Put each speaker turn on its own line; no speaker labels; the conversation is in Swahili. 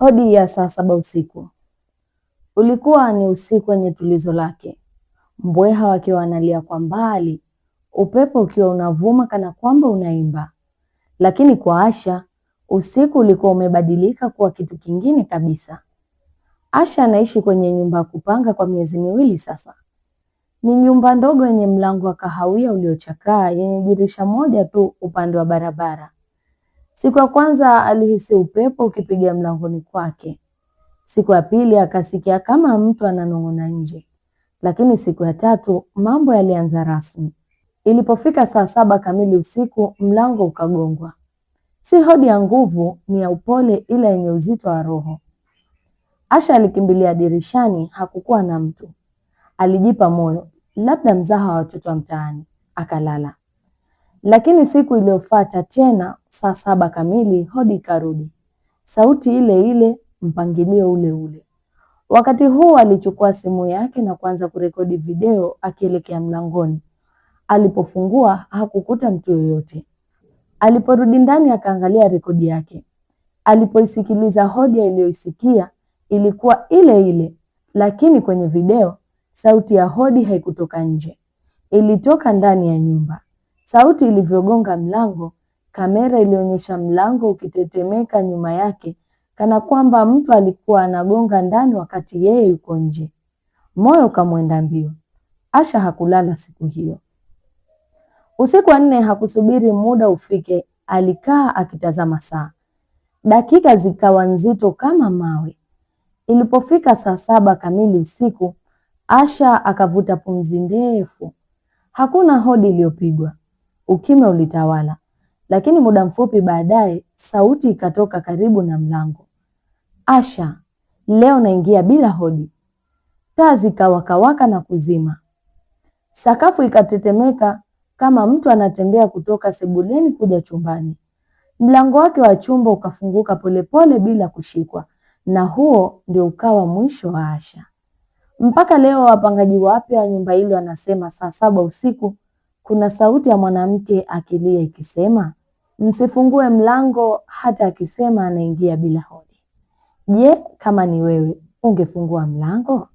Hodi ya saa saba usiku ulikuwa ni usiku wenye tulizo lake, mbweha wakiwa wanalia kwa mbali, upepo ukiwa unavuma kana kwamba unaimba. Lakini kwa Asha usiku ulikuwa umebadilika kuwa kitu kingine kabisa. Asha anaishi kwenye nyumba ya kupanga kwa miezi miwili sasa. Ni nyumba ndogo yenye mlango wa kahawia uliochakaa yenye dirisha moja tu upande wa barabara. Siku ya kwanza alihisi upepo ukipiga mlangoni kwake. Siku ya pili akasikia kama mtu ananong'ona nje, lakini siku ya tatu mambo yalianza rasmi. Ilipofika saa saba kamili usiku, mlango ukagongwa. Si hodi ya nguvu, ni ya upole, ila yenye uzito wa roho. Asha alikimbilia dirishani. Hakukuwa na mtu. Alijipa moyo, labda mzaha wa watoto wa mtaani. Akalala. Lakini siku iliyofuata tena saa saba kamili hodi ikarudi, sauti ile ile, mpangilio ule ule. Wakati huu alichukua simu yake na kuanza kurekodi video akielekea mlangoni. Alipofungua hakukuta mtu yoyote. Aliporudi ndani akaangalia rekodi yake. Alipoisikiliza hoja iliyoisikia ilikuwa ile ile, lakini kwenye video sauti ya hodi haikutoka nje, ilitoka ndani ya nyumba. Sauti ilivyogonga mlango, kamera ilionyesha mlango ukitetemeka nyuma yake kana kwamba mtu alikuwa anagonga ndani wakati yeye yuko nje. Moyo kamwenda mbio. Asha hakulala siku hiyo. Usiku wa nne hakusubiri muda ufike, alikaa akitazama saa. Dakika zikawa nzito kama mawe. Ilipofika saa saba kamili usiku, Asha akavuta pumzi ndefu. Hakuna hodi iliyopigwa. Ukimya ulitawala, lakini muda mfupi baadaye sauti ikatoka karibu na mlango, Asha, leo naingia bila hodi. Taa zikawakawaka na kuzima, sakafu ikatetemeka kama mtu anatembea kutoka sebuleni kuja chumbani. Mlango wake wa chumba ukafunguka polepole bila kushikwa, na huo ndio ukawa mwisho wa Asha. Mpaka leo wapangaji wapya wa nyumba ile wanasema saa saba usiku kuna sauti ya mwanamke akilia ikisema, msifungue mlango hata akisema anaingia bila hodi. Je, kama ni wewe ungefungua mlango?